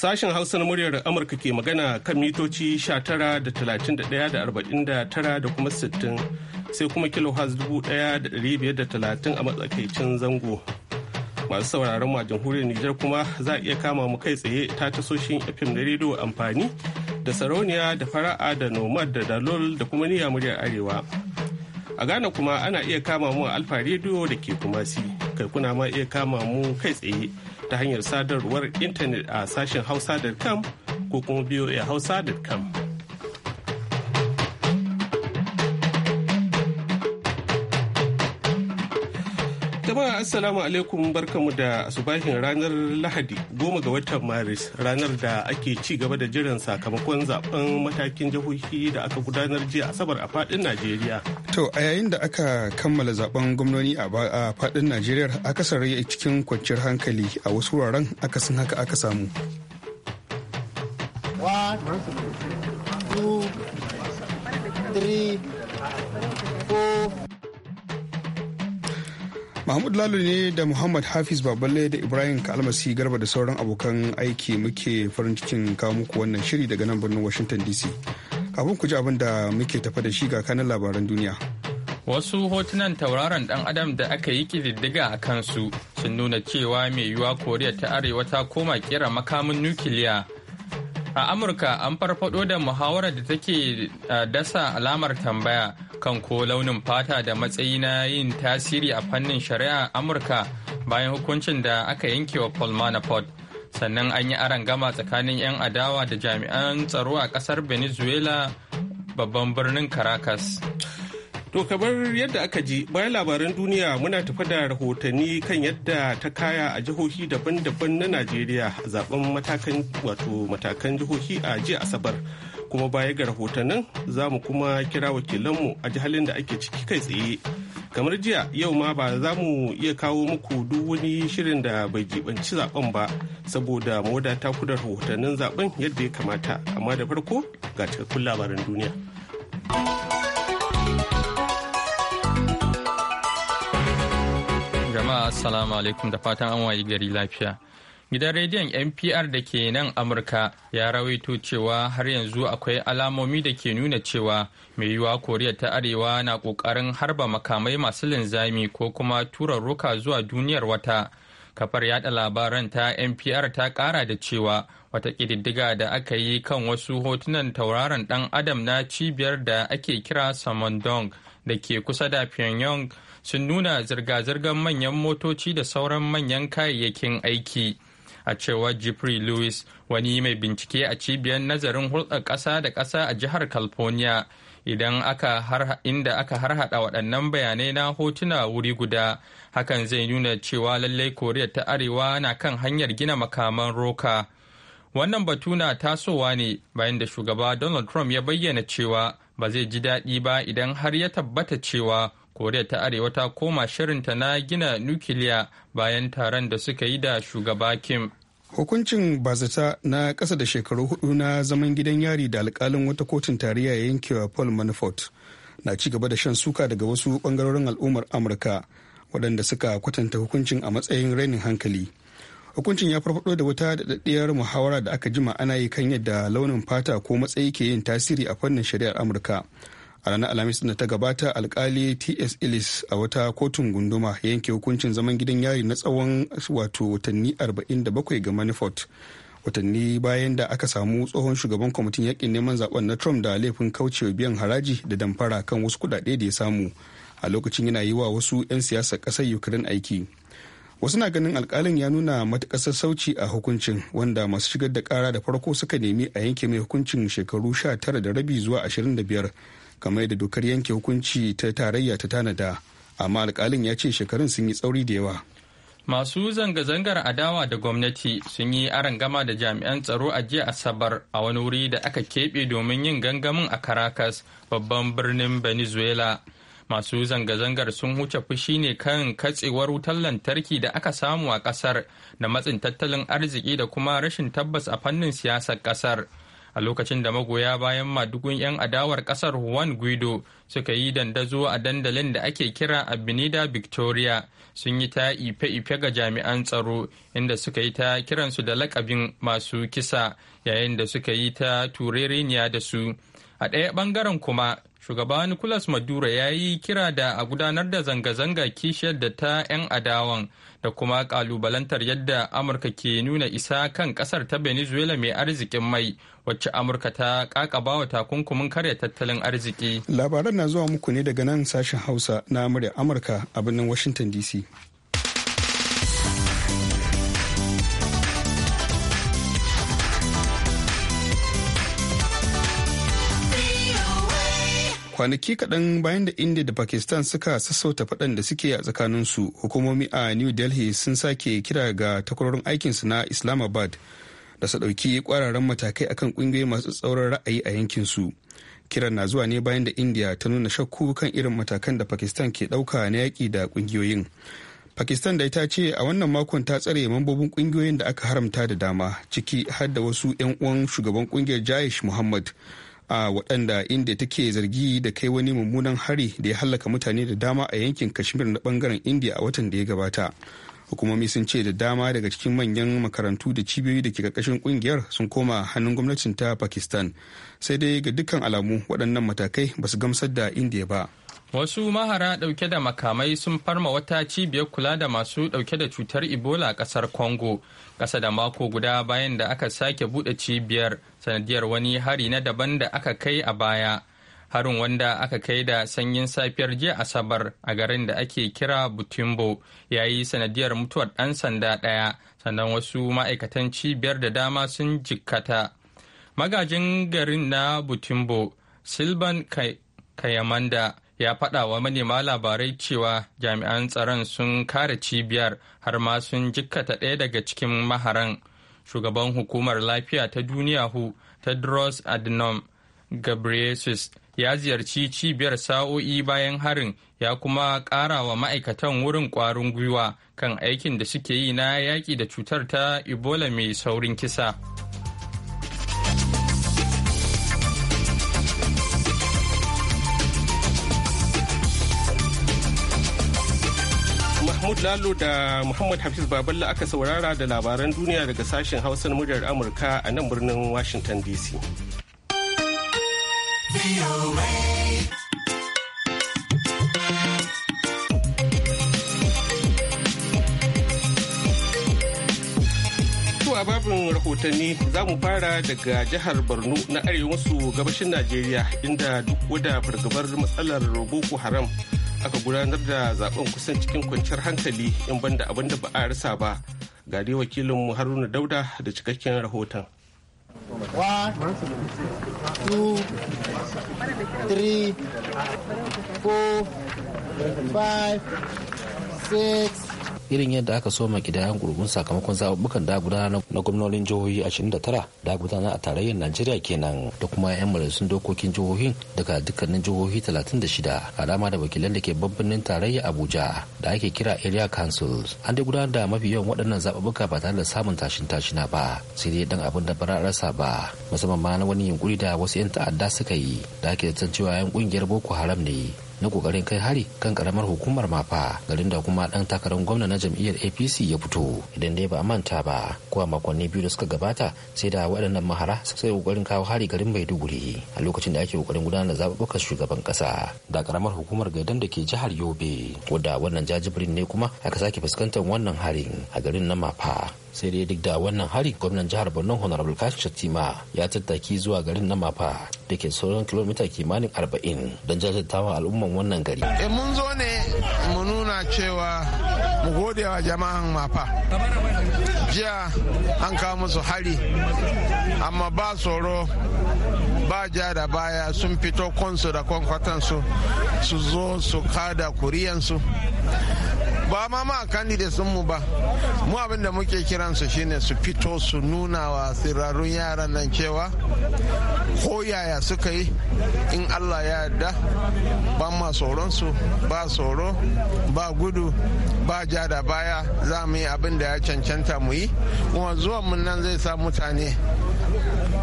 Sashen Hausa na muryar Amurka ke magana kan mitoci 19 da 31 da 49 da kuma 60 sai kuma kilohaz 1530 a matsakaicin zango. Masu sauraron ma jamhuriyar Nijar kuma za a iya kama mu kai tsaye ta tasoshin FM na rediyo amfani da sarauniya da fara'a da nomad da dalol da kuma niyya muryar arewa. A Ghana kuma ana iya kama mu a Alfa rediyo da ke kuma si kai kuna ma iya kama mu kai tsaye ta hanyar sadarwar intanet a sashen hausa.com ko kuma voahausa.com. hausa.com Jama'a Assalamu alaikum barkamu da asubahin ranar Lahadi goma ga watan Maris ranar da ake ci gaba da jiran sakamakon zaben matakin jihohi da aka gudanar jiya Asabar a fadin Najeriya. To a yayin da aka kammala zaben gwamnoni a fadin Najeriya aka akasari cikin kwanciyar hankali a wasu wuraren akasin haka aka samu. One, two, three, four. Mahmud Lalo ne da Muhammad Hafiz Baballe da Ibrahim Kalmasi Garba da sauran abokan aiki muke farin cikin kawo muku wannan shiri daga nan birnin Washington DC. Kafin ku ji abin da muke tafa da shi ga kanin labaran duniya. Wasu hotunan tauraron dan adam da aka yi kididdiga a kansu sun nuna cewa mai yiwuwa Koriya ta Arewa ta koma kera makamin nukiliya A Amurka an farfado da muhawarar da take dasa alamar tambaya kan ko launin fata da matsayi na yin tasiri a fannin shari'a Amurka bayan hukuncin da aka yanke wa Paul Manafort. Sannan an yi gama tsakanin 'yan adawa da jami'an tsaro a kasar Venezuela babban birnin Caracas. To kamar yadda aka ji bayan labaran duniya muna tafi da rahotanni kan yadda ta kaya a jihohi daban-daban na Najeriya zaben matakan wato matakan jihohi a jiya Asabar. Kuma baya ga rahotannin za mu kuma kira wakilanmu a jihalin da ake ciki kai tsaye. Kamar jiya yau ma ba za mu iya kawo muku duk wani shirin da bai jibanci zaben ba saboda mu wadata ku rahotannin zaben yadda ya kamata. Amma da farko ga cikakkun labaran duniya. jama'a assalamu alaikum da fatan an wayi gari lafiya. Gidan rediyon NPR da ke nan Amurka ya rawaito cewa har yanzu akwai alamomi da ke nuna cewa mai yiwuwa Koriya ta Arewa na kokarin harba makamai masu linzami ko kuma tura roka zuwa duniyar wata. Kafar yada labaran ta NPR ta ƙara da cewa wata ƙididdiga da aka yi kan wasu hotunan tauraron ɗan adam na cibiyar da ake kira Samandong da ke kusa da Pyongyang sun nuna zirga-zirgar manyan motoci da sauran manyan kayayyakin aiki. a cewar jeffrey lewis wani mai bincike a cibiyar nazarin hulɗar ƙasa da ƙasa a jihar california idan aka inda aka harhaɗa waɗannan bayanai na hotuna wuri guda hakan zai nuna cewa lallai koriya ta arewa na kan hanyar gina makaman roka wannan batu na tasowa ne bayan da shugaba donald trump ya bayyana cewa ba zai ji daɗi ba idan har ya tabbata cewa koriya ta arewa ta koma shirinta na gina nukiliya bayan taron da suka yi da shugaba kim hukuncin bazata na ƙasa da shekaru hudu na zaman gidan yari da alkalin wata kotun tarayya yankewa paul manafort na ci gaba da shan suka daga wasu ɓangarorin al'ummar amurka waɗanda suka kwatanta hukuncin a matsayin rainin hankali hukuncin ya farfaɗo da wata daɗaɗɗiyar muhawara da aka jima ana yi kan yadda launin fata ko matsayi ke yin tasiri a fannin shari'ar amurka a ranar alhamis da ta gabata alkali ts ellis a wata kotun gunduma yanke hukuncin zaman gidan yari na tsawon wato watanni 47 ga manafort watanni bayan da aka samu tsohon shugaban kwamitin yakin neman zaben na trump da laifin kaucewa biyan haraji da damfara kan wasu kudade da ya samu a lokacin yana yi wa wasu 'yan siyasa kasar ukraine aiki wasu na ganin alkalin ya nuna matuƙar sassauci a hukuncin wanda masu shigar da kara da farko suka nemi a yanke mai hukuncin shekaru sha tara da rabi zuwa ashirin da biyar kamar yadda dokar yanke hukunci ta tarayya ta tanada amma alkalin ya ce shekarun sun yi tsauri da yawa masu zanga-zangar adawa da gwamnati sun yi aron gama da jami'an tsaro a jiya asabar a wani wuri da aka keɓe domin yin gangamin a caracas babban birnin venezuela masu zanga-zangar sun wuce fushi ne kan katsewar wutar lantarki da aka samu a kasar da matsin tattalin arziki da kuma rashin tabbas a fannin siyasar kasar a lokacin da magoya bayan madugun 'yan adawar kasar Juan Guido suka yi dandazo a dandalin da ake kira Abinida Victoria sun yi ta ife-ife ga jami'an tsaro inda suka yi ta kiransu da lakabin masu kisa yayin da suka yi ta turereniya da su. A ɗaya ɓangaren kuma shugaba Nicolas Maduro ya yi kira da a gudanar da zanga-zanga kishiyar da ta 'yan adawan da kuma kalubalantar yadda amurka ke nuna isa kan kasar ta venezuela mai arzikin mai wacce amurka ta wa takunkumin karya tattalin arziki labaran na zuwa muku ne daga nan sashen hausa na amurka a birnin washington dc kwanaki kaɗan bayan da india da pakistan suka sassauta faɗan da suke a tsakaninsu hukumomi a new delhi sun sake kira ga takwarorin aikinsu na islamabad da su ɗauki ƙwararren matakai akan ƙungiyoyi masu tsauran ra'ayi a yankinsu kiran na zuwa ne bayan da india ta nuna shakku kan irin matakan da pakistan ke ɗauka na yaki da ƙungiyoyin pakistan da ita ce a wannan makon ta tsare mambobin ƙungiyoyin da aka haramta da dama ciki har da wasu 'yan uwan shugaban ƙungiyar jayish muhammad a waɗanda inda take zargi da kai wani mummunan hari da ya hallaka mutane da dama a yankin kashmir na bangaren india a watan da ya gabata hukumomi sun ce da dama daga cikin manyan makarantu da cibiyoyi da ke karkashin kungiyar sun koma hannun gwamnatin ta pakistan sai dai ga dukkan alamu waɗannan matakai ba su gamsar da india ba Wasu mahara ɗauke da makamai sun farma wata cibiyar kula da masu ɗauke da cutar Ebola a ƙasar Congo, ƙasa da mako guda bayan da aka sake buɗe cibiyar sanadiyar wani hari na daban da aka kai a baya. Harin wanda aka kai da sanyin safiyar jiya Asabar a garin da ake kira Butimbo ya yi sanadiyar mutuwar ɗan sanda ɗaya, sannan wasu ma'aikatan cibiyar da dama sun jikkata. Magajin garin na Butimbo, Silvan Kayamanda, ya faɗa wa manema labarai cewa jami'an tsaron sun kare cibiyar har ma sun jikkata ɗaya daga cikin maharan shugaban hukumar lafiya ta duniya hu ta dros adnom gabriesus ya ziyarci cibiyar sa'o'i bayan harin ya kuma ƙara wa ma'aikatan wurin ƙwarin gwiwa kan aikin da suke yi na yaƙi da cutar ta ebola mai saurin kisa. Mahmud Lalo da Muhammad Hafiz Baballa aka saurara da labaran duniya daga sashen Hausa na muryar Amurka a nan birnin Washington DC. a babin rahotanni za mu fara daga jihar borno na arewa maso gabashin najeriya inda duk wadda fargabar matsalar boko haram aka gudanar da zaben kusan cikin kwanciyar hankali in banda abin da ba a rasa ba ga dai wakilin mu haruna dauda da cikakken rahoton One, two, three, four, five, six, irin yadda aka soma kidayan gurbin sakamakon zaɓuɓɓukan da gudanar na gwamnonin jihohi 29 da gudanar a tarayyar najeriya kenan da kuma 'yan majalisun dokokin jihohin daga dukkanin jihohi 36 alama da wakilan da ke babbanin tarayya abuja da ake kira area councils an da gudanar da mafi yawan waɗannan zaɓuɓɓuka ba tare da samun tashin tashina ba sai dai dan abin da ba rasa ba musamman ma na wani yunkuri da wasu 'yan ta'adda suka yi da ake zaton cewa 'yan ƙungiyar boko haram ne na kokarin kai hari kan karamar hukumar mafa garin da kuma dan takarar gwamna na jam'iyyar apc ya fito idan dai ba a manta ba kuma makonni biyu da suka gabata sai da waɗannan mahara suka yi kokarin kawo hari garin maiduguri a lokacin da ake kokarin gudanar da zaɓuɓɓukan shugaban ƙasa da karamar hukumar gaidan da ke jihar yobe wadda wannan jajibirin ne kuma aka sake fuskantar wannan harin a garin na mafa sai dai duk da wannan hari gwamnan jihar borno honorable kashi shattima ya tattaki zuwa garin na mafa da ke sauran kilomita kimanin arba'in don jajirtawa al'umman wannan gari eh, mun zo ne mu nuna cewa mu gode wa jama'an mafa jiya an kawo musu hari amma ba tsoro ba ja da baya sun fito konsu da kwankwatansu su zo su kada kuriyansu ba ma ma candidates mu ba mu abin da muke kiransu shine su fito su nuna wa sirarun yaran nan cewa ko yaya suka yi in allah ya yarda ba ma tsoronsu ba tsoro ba gudu ba ja da baya za mu yi abin da ya cancanta mu yi kuma zuwan mun nan zai sa mutane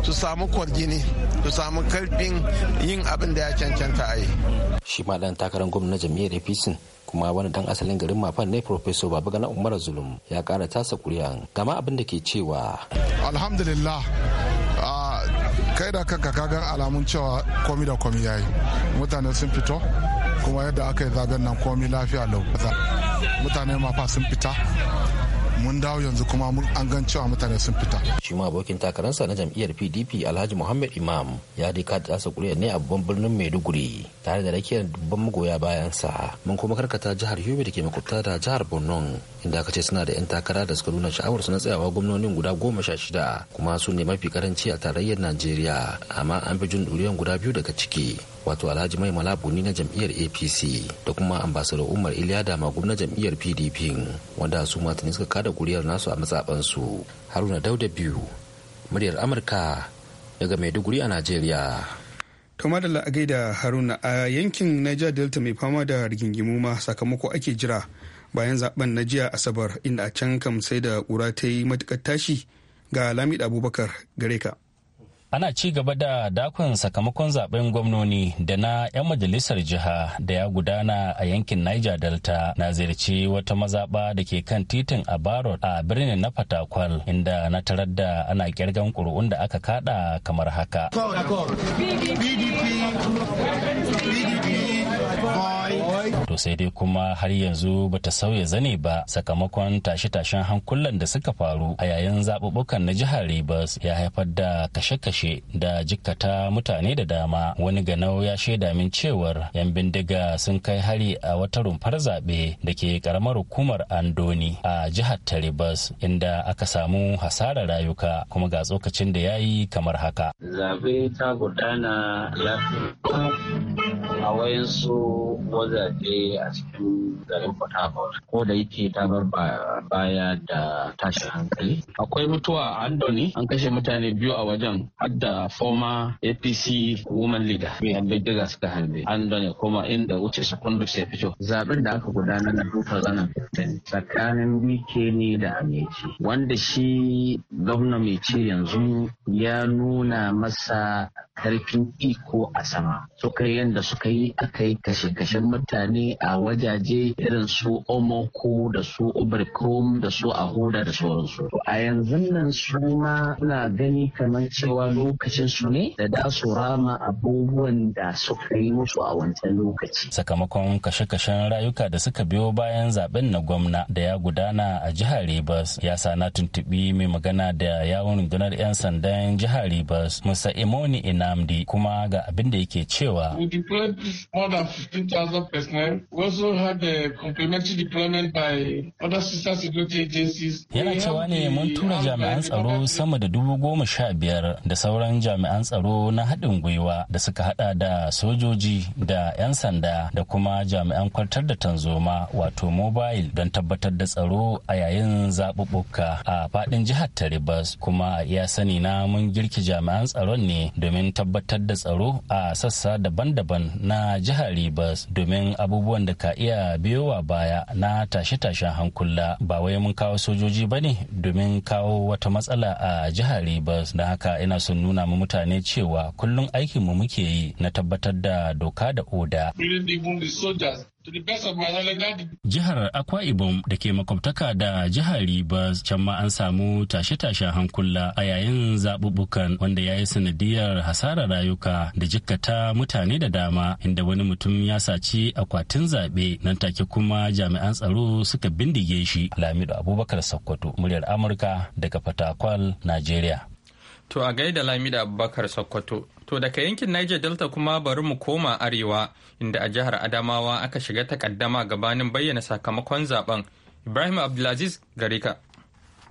su samu kwargini su samu karfin yin abin da ya cancanta a yi shi ma dan takarar gwamna jami'ar apc kuma wani dan asalin garin mafan ne professor babagana umar zulum ya kara tasa kuri'an gama abin da ke cewa alhamdulillah kai da kanka kagan alamun cewa komi da komi yi mutane sun fito kuma yadda aka yi zaben nan komi lafiya lau mutane mafa sun fita mun dawo yanzu kuma an gan cewa mutane sun fita shi ma abokin takararsa na jam'iyyar pdp alhaji muhammad imam ya dai ka tasa kuriyar ne a babban birnin maiduguri tare da rakiyar dubban magoya bayan sa mun kuma karkata jihar yobe da ke makwabta da jihar borno inda aka ce suna da 'yan takara da suka nuna sha'awar su na tsayawa gwamnonin guda goma sha shida kuma su ne mafi karanci a tarayyar najeriya amma an fi jin ɗuriyan guda biyu daga ciki wato alhaji mai malabuni na jam'iyyar apc da kuma ambasadar umar iliya damagum na jam'iyyar pdp wanda su ne suka kada kuriyar nasu a matsabansu haruna dauda biyu muryar amurka daga maiduguri a najeriya to da a da haruna a yankin niger delta mai fama da rigingimu ma sakamako ake jira bayan zaben na jiya asabar inda a can kam sai da ƙura ta yi matukar tashi ga lamid abubakar gare ka ana ci gaba da dakon sakamakon zaben gwamnoni da na 'yan majalisar jiha da ya gudana a yankin niger delta na ziyarci wata mazaba da ke kan titin abaro a birnin na fatakwal inda na tarar da ana kirgan ƙuri'un da aka kada kamar haka to sai dai kuma har yanzu bata sauya zane ba sakamakon tashe-tashen hankulan da suka faru a yayin zaɓuɓɓukan na jihar Rivers ya haifar da kashe-kashe da jikkata mutane da dama wani ganau ya shaida min cewar 'yan bindiga sun kai hari a wata rumfar zaɓe da ke karamar hukumar Andoni a jihar ta Rivers inda aka samu hasarar rayuka kuma ga tsokacin da ya yi kamar haka. Zaɓe ta gudana ya a wayansu wazaje a cikin garin Port ko da yake ta bar baya da tashin hankali. Akwai mutuwa a Andoni an kashe mutane biyu a wajen hadda former APC woman leader mai diga suka harbe. Andoni kuma inda wuce kundu sai fito. Zaben da aka gudanar na zana tsakanin wike ne da ameci wanda shi gwamna mai ci yanzu ya nuna masa karfin iko a sama suka yadda suka yi aka yi kashe-kashen mutane a wajaje irin su omoko da su obrikom da su ahuda da sauransu a yanzu nan su ma suna gani kamar cewa lokacin su ne da da su rama abubuwan da suka yi musu a wancan lokaci sakamakon kashe-kashen rayuka da suka biyo bayan zaben na gwamna da ya gudana a jihar ribas ya sa na tuntubi mai magana da yawon rundunar 'yan sandan jihar ribas Musa Imoni Ina Nnamdi kuma ga abin da yake cewa. We Yana cewa ne mun tura jami'an tsaro sama da dubu goma sha biyar da sauran jami'an tsaro na haɗin gwiwa da suka haɗa da sojoji da 'yan sanda da kuma jami'an kwantar da tanzoma wato mobile don tabbatar da tsaro a yayin zaɓuɓɓuka a faɗin jihar taribas kuma ya sani na mun girki jami'an tsaron ne domin tabbatar da tsaro a sassa daban-daban na jihar Ribas domin abubuwan da ka iya biyowa baya na tashe-tashen hankula ba wai mun kawo sojoji ba ne domin kawo wata matsala a jihar Ribas da haka ina son nuna mu mutane cewa kullum aikinmu muke yi na tabbatar da doka da oda. Jihar Akwa Ibom da ke makwabtaka da jihar Ribas can ma an samu tashe-tashen hankula a yayin zaɓuɓɓukan wanda ya yi sanadiyar hasarar rayuka da jikkata mutane da dama inda wani mutum ya saci akwatin zaɓe nan take kuma jami'an tsaro suka bindige shi. Lamidu Abubakar Sokoto, muryar Amurka daga Fatakwal, Najeriya. To a gaida Lamidu Abubakar Sokoto, To daga yankin Niger Delta kuma bari mu koma arewa inda a jihar Adamawa aka shiga takaddama gabanin bayyana sakamakon zaben. Ibrahim Abdulaziz Gareka.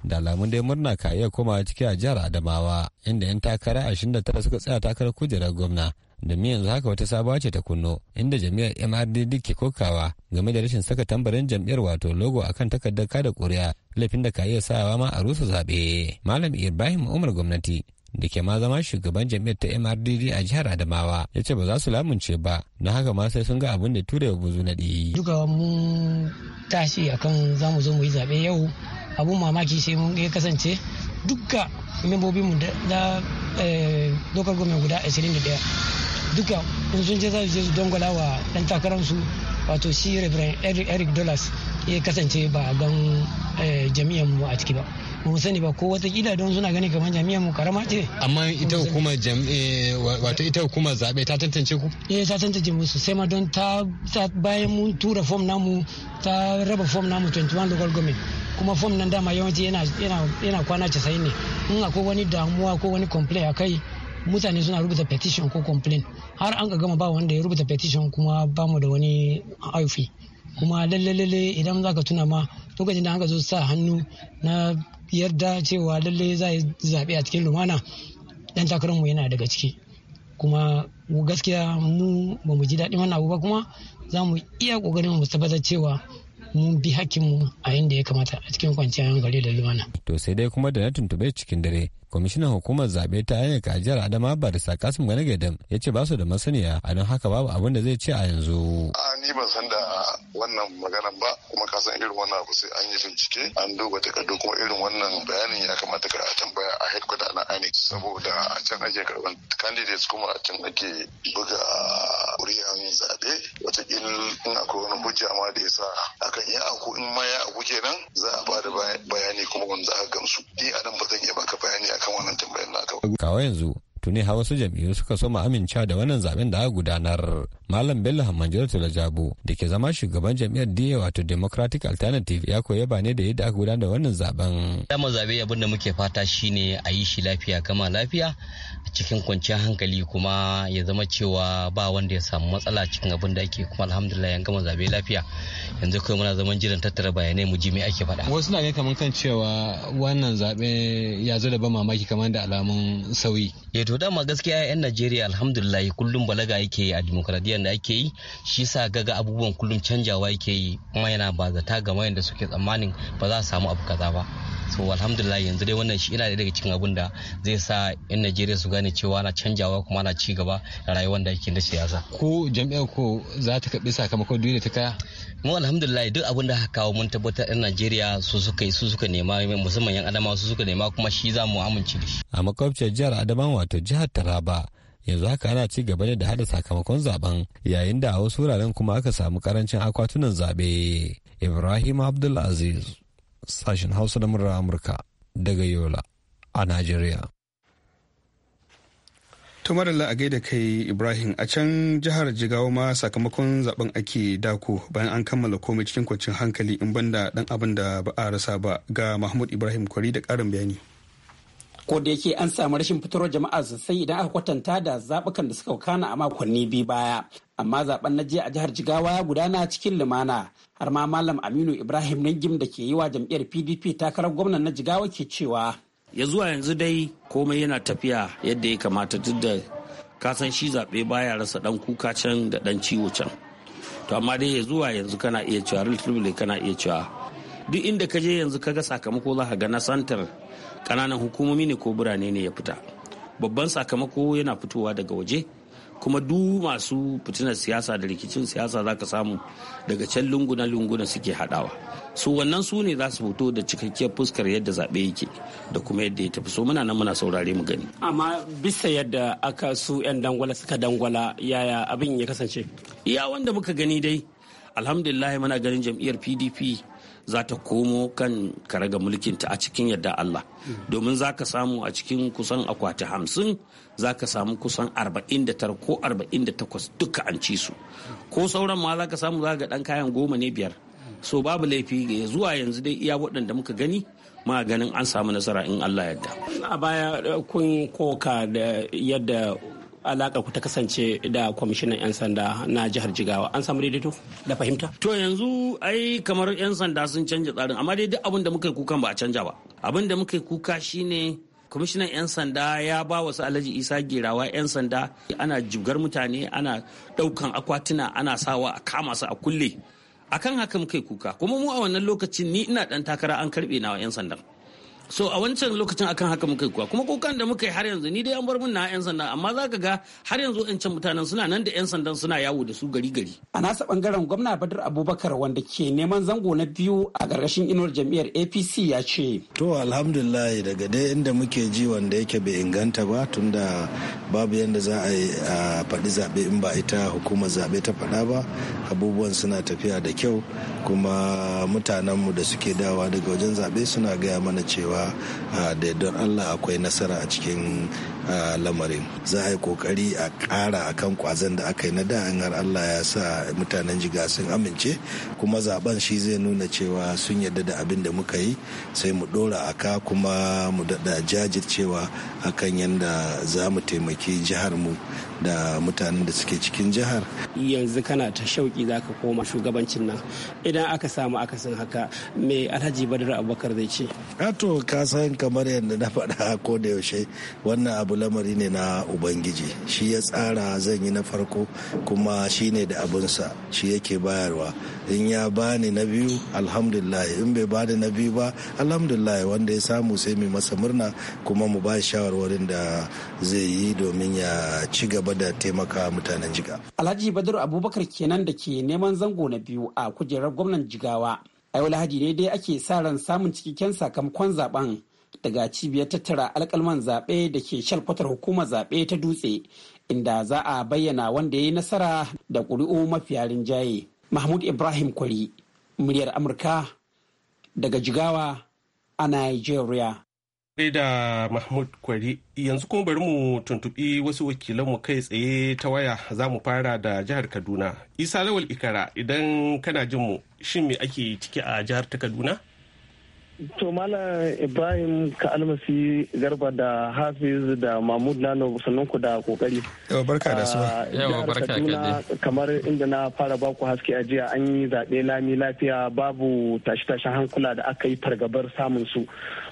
Da alamun dai murna ka iya komawa ciki a jihar Adamawa inda 'yan takara 29 suka tsaya takarar kujerar gwamna. domin yanzu haka wata sabuwa ce ta kunno inda jami'ar mrdd ke kokawa game da rashin saka tambarin jam'iyyar wato logo akan takardar kada kuri'a laifin da ka iya sawa ma a rusa zaɓe malam ibrahim umar gwamnati da ke ma zama shugaban jami'ar ta mrdd a jihar adamawa ya ce ba za su lamunce ba na haka ma sai sun ga abin da ture buzu na ɗi. duka mun tashi akan zamu mu zo mu yi zaɓe yau abun mamaki sai mun kasance dukka membobinmu na dokar eh, government guda 21 duka in sun je za su je su dangwala wa dan takararsu wato shi reverend eric dollars ya kasance ba gan eh, jami'an mu a ciki ba mu sani ba ko wata kila don suna gani kamar jami'an mu karama ce amma ita hukuma eh, wato ita hukuma zabe ta tantance ku eh ta tantance mu sai ma don ta bayan mun tura form namu ta raba form namu 21 local government kuma fom nan dama yawanci yana kwana casa'in ne in akwai wani damuwa ko wani complain a kai mutane suna rubuta petition ko complain har an ka gama ba wanda ya rubuta petition kuma ba mu da wani haifi kuma lalle lalle idan za ka tuna ma lokacin da an ka zo sa hannu na yarda cewa lalle za a zaɓe a cikin lumana dan mu yana daga ciki kuma gaskiya mu ba mu ji daɗin wannan abu ba kuma za mu iya ƙoƙarin mu tabbatar cewa mun bi mu a inda ya kamata a cikin kwanciyar hankali da lumana. To sai dai kuma da na tuntube cikin dare kwamishinan hukumar zaɓe ta hanyar kajiyar adama barisa kasim gane gadam ya ce ba su da masaniya a don haka babu abin da zai ce a yanzu. ban san da wannan magana ba kuma ka san irin wannan abu sai an yi bincike an duba takardu kuma irin wannan bayanin ya kamata ka tambaya a headquarter na INEC saboda a can ake karban candidates kuma a can ake buga kuri'an zaɓe wataƙila in akwai wani hujja ma da ya sa ya aku in ma ya aku kenan za a ba da bayani kuma wanda aka gamsu ni a nan ba zan iya baka bayani akan wannan tambayar naka. Kawai yanzu tuni har wasu jam'iyyu suka so soma amincewa da wannan zaben da aka gudanar malam bello da jabo da ke zama shugaban jam'iyyar da wato democratic alternative ya koya ba ne da yadda aka gudanar da wannan zaben mu zabe abin da muke fata shine a yi shi lafiya kama lafiya cikin kwanciyar hankali kuma ya zama cewa ba wanda ya samu matsala cikin abin da ake kuma alhamdulillah yan gama zabe lafiya yanzu kai muna zaman jiran tattara bayanai mu ji me ake faɗa wasu na kaman kan cewa wannan zabe ya zo da ban mamaki kamar da alamun sauyi eh to dama gaskiya 'yan najeriya alhamdulillah kullum balaga yake yi a demokradiyyar da ake yi shi sa gaga abubuwan kullum canjawa yake yi kuma yana ba zata ga da suke tsammanin ba za a samu abu kaza ba so alhamdulillah yanzu dai wannan shi yana daga cikin abun da zai sa 'yan najeriya su gane cewa na canjawa kuma na ci gaba da rayuwar da ake da siyasa ko jam'iyyar ko za ta kaɓi sakamakon duniya ta kaya mu alhamdulillah duk abin da kawo mun tabbatar 'yan najeriya su suka yi su suka nema musamman 'yan adama su suka nema kuma shi za mu amince da shi a makwabciyar jihar adama wato jihar taraba yanzu haka ana ci gaba ne da hada sakamakon zaben yayin da a wasu wuraren kuma aka samu karancin akwatunan zabe ibrahim abdulaziz sashen hausa da murar amurka daga yola a najeriya tumarala a gaida kai ibrahim a can jihar jigawa ma sakamakon zaben ake dako bayan an kammala komai cikin kwancin hankali in banda dan abin da ba a rasa ba ga mahmud ibrahim kwari da karin bayani ko da yake an samu rashin fitarwar jama'a sosai idan aka kwatanta da zabukan da suka kana a makonni biyu baya amma zaben na jiya a jihar jigawa ya gudana cikin lumana har ma malam aminu ibrahim ningim da ke yi wa jam'iyyar pdp takarar gwamnan na jigawa ke cewa ya zuwa yanzu dai komai yana tafiya yadda ya kamata duk da kasan shi zaɓe baya rasa dan kuka can da dan ciwo can to amma dai ya zuwa yanzu kana iya cewa kana iya cewa duk inda ka je yanzu kaga sakamako za ka ga na santar kananan hukumomi ne ko birane ne ya fita babban sakamako yana fitowa daga waje kuma duk masu fitinar siyasa da rikicin siyasa za ka samu daga can lunguna lunguna suke hadawa su wannan su ne za su fito da cikakkiyar fuskar yadda zaɓe yake da kuma yadda ya tafi so muna nan muna saurare mu gani amma bisa yadda aka su 'yan dangwala suka dangwala yaya abin ya kasance iya wanda muka gani dai alhamdulillah muna ganin jam'iyyar pdp za ta komo kan mulkin ta a cikin yadda Allah domin za ka samu a cikin kusan akwati hamsin za ka samu kusan 49 ko 48 duka an ci su ko sauran ma za ka samu za ga dan kayan goma ne biyar so babu laifi zuwa yanzu dai iya waɗanda muka gani ma ganin an samu nasara in Allah yadda. A baya kun koka da yadda alaka ku ta kasance da kwamishinan 'yan sanda na jihar jigawa an samu daidaito da fahimta to yanzu ai kamar 'yan sanda sun canja tsarin amma dai duk abin da muka yi kukan ba a canja ba abin da muka yi kuka shine kwamishinan 'yan sanda ya ba wasu alhaji isa gerawa 'yan sanda ana jugar mutane ana daukan akwatuna ana sawa a kama su a kulle akan haka muka yi kuka kuma mu a wannan lokacin ni ina dan takara an karbe nawa 'yan sandan so a wancan lokacin akan haka muka kuwa kuma kokan da muka yi har yanzu ni dai an bar mun na yan sanda amma za ka ga har yanzu yan can mutanen suna nan da yan sandan suna yawo da su gari gari a nasa bangaren gwamna badar abubakar wanda ke neman zango na biyu a gargashin inuwar jam'iyyar apc ya ce to alhamdulillah daga dai inda muke ji wanda yake bai inganta ba tunda babu yadda za a yi a faɗi zaɓe in ba ita hukumar zaɓe ta faɗa ba abubuwan suna tafiya da kyau kuma mutanenmu da suke dawa daga wajen zaɓe suna gaya mana cewa cewa ah, da don allah akwai nasara a cikin ah, lamarin za a yi kokari a ƙara akan kwazon da aka yi na da in har allah ya sa mutanen jiga sun amince kuma zaben shi zai nuna cewa sun yarda da abin da muka yi sai mu dora aka kuma mu daɗa jajircewa akan yadda za mu taimaki jihar mu da mutanen da suke cikin jihar yanzu kana ta shauki za ka koma shugabancin nan idan aka samu akasin haka me alhaji badar abubakar zai ce ato ah, ka san kamar yadda na faɗa ko da yaushe wannan abu lamari ne na ubangiji shi ya tsara zan yi na farko kuma shi ne da abunsa shi yake bayarwa in ya bani na biyu alhamdulillah in bai bani na biyu ba alhamdulillah wanda ya samu sai mai masa murna kuma mu ba shawarwarin da zai yi domin ya ci gaba da taimaka mutanen jiga alhaji badar abubakar kenan da ke neman zango na biyu a kujerar gwamnan jigawa a yau lahadi ne dai ake sa ran samun cikakken sakamakon zaben daga cibiyar tattara alkalman zaɓe da ke shalkwatar hukumar zaɓe ta dutse inda za a bayyana wanda ya yi nasara da ƙuri'u mafiya rinjaye. Mahmud Ibrahim Kwari, muryar Amurka daga Jigawa a Nigeria. da Mahmud Kwari yanzu kuma bari mu tuntubi wasu wakilanmu kai tsaye ta waya za mu fara da jihar Kaduna. Isa Lawal Ikara idan kana jin mu shin me ake ciki a jihar ta Kaduna? To Mala Ibrahim ka almasi garba da Hafiz da Mahmud nano sannan ku da kokari. Barka da ah, su. Yau barka da Kamar inda na fara baku haske a jiya an yi zaɓe lami lafiya babu tashi tashi hankula da aka yi fargabar samun su.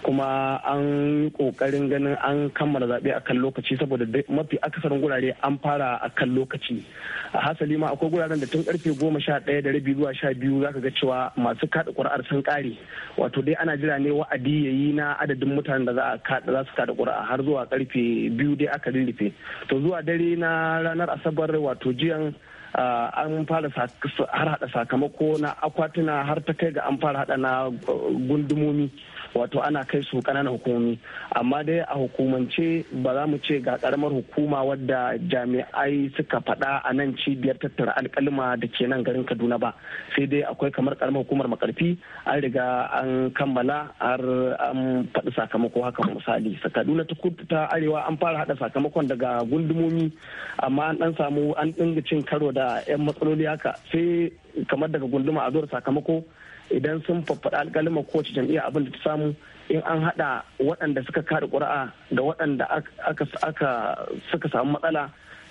Kuma an yi kokarin ganin an kammala zaɓe a kan lokaci saboda mafi akasarin gurare an fara a kan lokaci. A hasali ma akwai guraren da tun karfe goma sha ɗaya da rabi zuwa sha biyu zaka ga cewa masu kaɗa ƙuri'ar sun ƙare. Wato dai ana ana jira ne wa'adi ya yi na adadin mutanen da za su kada ƙuri'a har zuwa karfe biyu dai aka rirrife to zuwa dare na ranar asabar wato jiyan an fara har hada sakamako na akwatuna har ta kai ga an fara hada na uh, gundumomi wato ana kai su kananan hukumomi amma dai a hukumance ba za mu ce ga karamar hukuma wadda jami'ai suka faɗa a nan cibiyar tattara alkalima da ke nan garin kaduna ba sai dai akwai kamar karamar hukumar makarfi an riga an kammala har an faɗi sakamako haka misali kaduna ta kudu ta arewa an fara haɗa sakamakon daga gundumomi amma an ɗan samu an dinga cin karo da 'yan matsaloli haka sai kamar daga gunduma a zuwa sakamako idan sun faffaɗa alƙalima kowace jam'iyya abin da ta samu in an haɗa waɗanda suka kada ƙuri'a da waɗanda aka suka samu matsala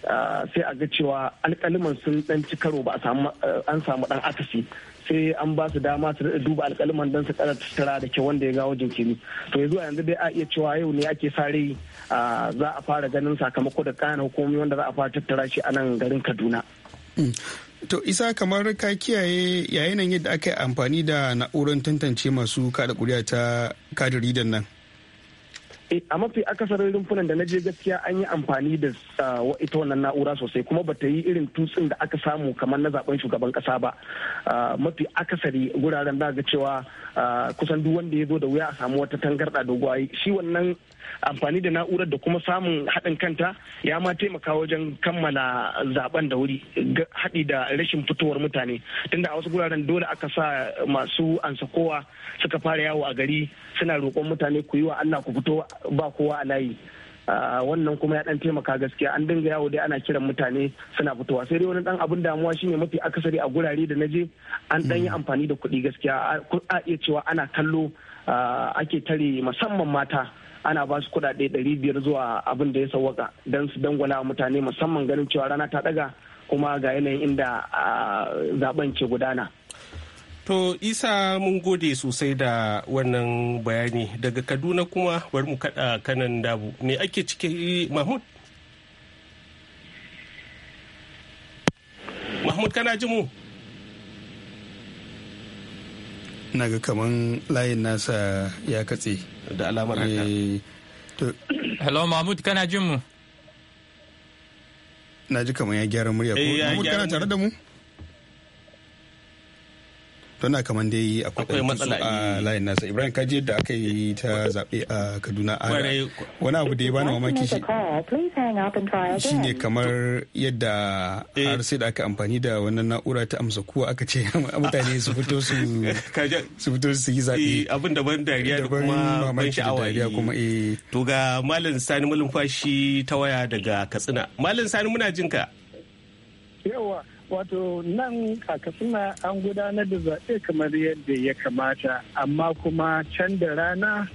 ah, sai a ga cewa alƙaliman sun ɗan ci karo ba eh, an samu ɗan akasi sai an ba su dama su duba alƙaliman don su ƙara tattara da kyau wanda ya gawo jinkiri to yanzu a yanzu dai a iya cewa yau ne ake sare ah, za a fara ganin sakamako da kana hukumomi wanda za a fara tattara shi a nan garin kaduna mm. To isa kamar ka kiyaye yayin yadda aka yi amfani da na'urar tantance masu kada kuri'a ta kadiri nan. Eh, a mafi akasarin rumfunan da na je gaskiya an yi amfani da ah, ita wannan na'ura sosai kuma bata yi irin tutsin da aka samu kamar na zaben shugaban kasa ba ah, mafi akasari wuraren da ga cewa ah, kusan duk wanda ya zo da wuya a samu wata tangarda doguwa shi wannan amfani da na'urar da kuma samun haɗin kanta ya ma taimaka wajen kammala zaben da wuri haɗi da rashin fitowar mutane tunda a wasu guraren dole aka sa masu ansa kowa suka fara yawo a gari suna roƙon mutane ku yi wa Allah ku fito ba kowa a layi ah, wannan kuma ya dan taimaka gaskiya an dinga yawo dai ana kiran mutane suna fitowa sai dai wani dan abin damuwa shine mafi akasari a gurare da naje an dan yi mm. amfani da kuɗi gaskiya a iya cewa ana kallo ah, ake tare musamman mata ana ba su kuɗaɗe ɗari biyar zuwa abin da ya sawwaka don su dangwala mutane musamman ganin cewa rana ta ɗaga kuma ga yanayin inda ah, zaben ke gudana To isa mun gode sosai da wannan bayani daga Kaduna kuma bari mu kada kanan dabu me ake cike Mahmud? Mahmud kana ji mu? Na ga kaman layin nasa ya katse. Da alamar haka. Eh, Hello Mahmud kana jin mu? Na ji kaman ya gyara murya ko eh, Mahmud kana tare da mu? tana kamar dai akwai matsala a layin nasa ibrahim kaji yadda aka yi ta zaɓe a kaduna a wani abu da ya bani mamaki shi ne kamar yadda eh. har sai da aka amfani da wannan na'ura ta amsa kuwa aka ce mutane su fito su su fito su yi zaɓe eh, abin da ban dariya da kuma ban sha'awa kuma eh to ga malam sani mulumfashi ta waya daga katsina malam sani muna jin ka yawa wato nan a kakasuna an gudanar da zaɓe kamar yadda ya kamata amma kuma can da rana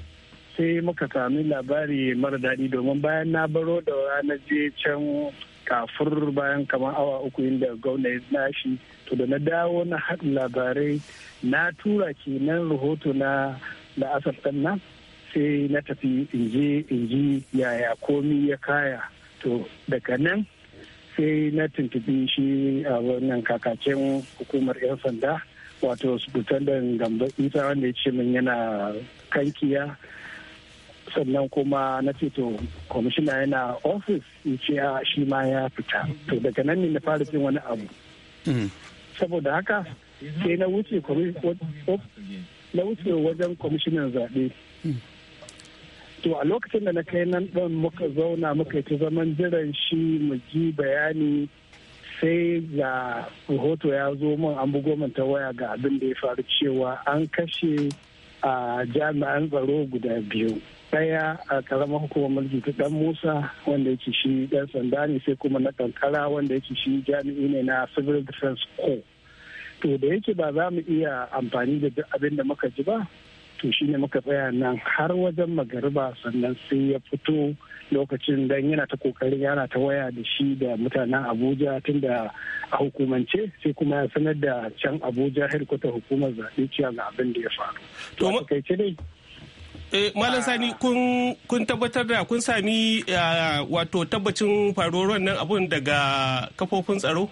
sai muka sami labari mara daɗi domin bayan na baro da ranar je can kafur bayan kamar awa uku inda gwamna ya nashi to da na dawo na haɗin labarai na tura kenan rahoto na la'asar nan sai na tafi inje inji yaya komi ya kaya to daga nan sai na tuntubi shi a wannan kakakin hukumar 'yan sanda wato subutandan gamba isa wanda ya ce min yana kankiya sannan kuma na ce to kwamishina yana ofis ya ce a shi ma ya fita to daga nan ne na fara jin wani abu hmm. saboda haka sai na wuce wajen kwamishinan zaɓe hmm. to a lokacin da na kai nan ɗan muka zauna muka ta zaman jiran shi mu ji bayani sai ga rahoto ya zo min an bugo min ta waya ga abin da ya faru cewa an kashe a jami'an tsaro guda biyu ɗaya a karamar hukumar mulki ta dan musa wanda yake shi dan sanda ne sai kuma na kankara wanda yake shi jami'i ne na civil defense corps to da yake ba za mu iya amfani da duk abin da muka ji ba to shi ne muka tsaya nan har wajen magariba sannan sai ya fito lokacin dan yana ta kokarin yana ta waya da shi da mutanen abuja tunda a hukumance sai kuma ya sanar da can abuja hedkwatar hukumar zaɓe cewa ga abin da ya faru to dai eh, Malam Sani kun, tabbatar da kun sami wato tabbacin faruwar wannan abun daga kafofin tsaro?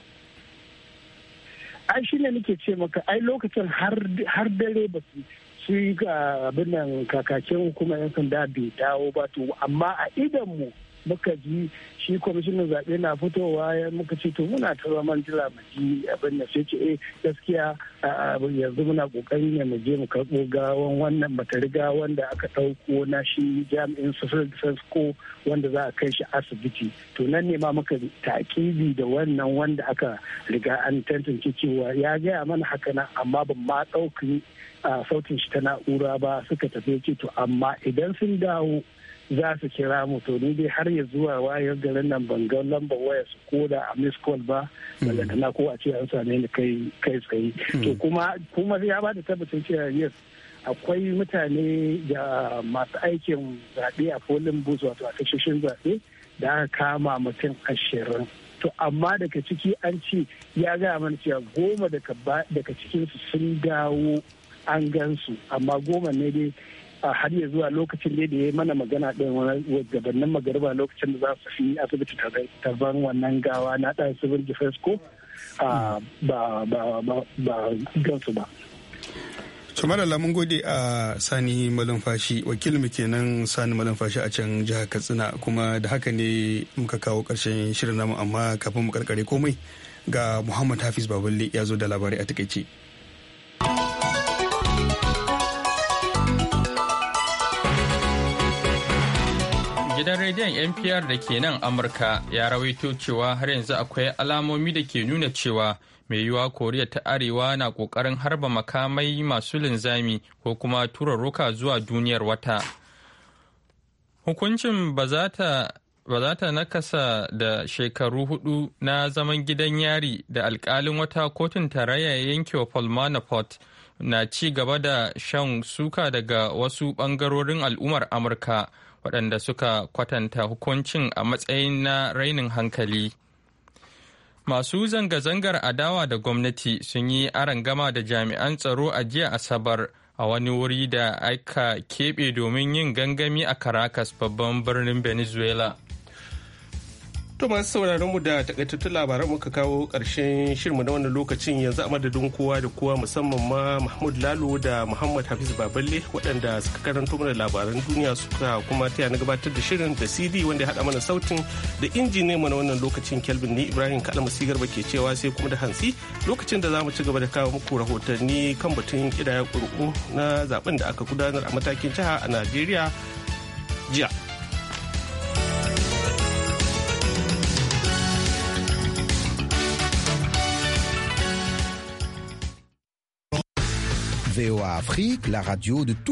ai shi ne nake ce maka ai lokacin har dare ba su shi abin nan kakakin hukumar 'yan sanda bai dawo ba to amma a mu muka ji shi kwamishinan zaɓe na fitowa ya muka ce to muna ta zaman jira mu ji abin da sai ce eh gaskiya yanzu muna kokari ne mu je mu karɓo gawan wannan bata riga wanda aka ɗauko na shi jami'in social defense ko wanda za a kai shi asibiti to nan ne ma muka takibi da wannan wanda aka riga an tantance cewa ya gaya mana haka nan amma ban ma ɗauki sautin shi ta na'ura ba suka tafi ce to amma idan sun dawo za su kira mu to ni dai har ya zuwa wayar garin nan ban ga lambar waya su koda a miss call ba hmm. na ko a ce an same ni kai kai tsaye hmm. to kuma kuma ya ba da tabbacin cewa yes akwai mutane da masu aikin zaɓe a polin bus wato a tashoshin zaɓe da aka kama mutum ashirin to amma daga ciki an ce ya gaya mana cewa goma daga cikinsu sun dawo an gansu amma goma ne dai a har ya zuwa lokacin da ya mana magana ɗin gabanin magariba lokacin da za su fi asibiti tarban wannan gawa na ɗan civil defense ko ba gansu ba. Tumar lamun gode a Sani wakil wakilin kenan Sani malamfashi a can jihar Katsina kuma da haka ne muka kawo ƙarshen shirin namu amma kafin mu karkare komai ga Muhammad Hafiz Baballe ya zo da labarai a takaice. gidan rediyon NPR da ke nan Amurka ya rawaito cewa har yanzu akwai alamomi da ke nuna cewa mai yiwuwa Koriya ta Arewa na kokarin harba makamai masu linzami ko kuma tura roka zuwa duniyar wata. Hukuncin ba za ta nakasa da shekaru hudu na zaman gidan yari da alkalin wata kotun tarayya yankewa Paul Manafort na ci gaba da shan suka daga wasu bangarorin al'ummar Amurka. waɗanda suka kwatanta hukuncin a matsayin na rainin hankali masu zanga-zangar adawa da gwamnati sun yi gama da jami'an tsaro a jiya asabar a wani wuri da aka keɓe domin yin gangami a caracas babban birnin venezuela To masu sauraron mu da takaitattun labaran muka kawo ƙarshen shirmu na wannan lokacin yanzu a madadin kowa da kowa musamman ma Mahmud Lalo da Muhammad Hafiz Baballe waɗanda suka karanto mana labaran duniya suka kuma taya na gabatar da shirin da CD wanda ya haɗa mana sautin da injiniyan mana wannan lokacin Kelvin ne Ibrahim Kalma ba ke cewa sai kuma da hansi lokacin da za mu ci gaba da kawo muku rahotanni kan batun kidaya ƙuri'u na zaben da aka gudanar a matakin jiha a Najeriya jiya. VOA Afrique, la radio de tous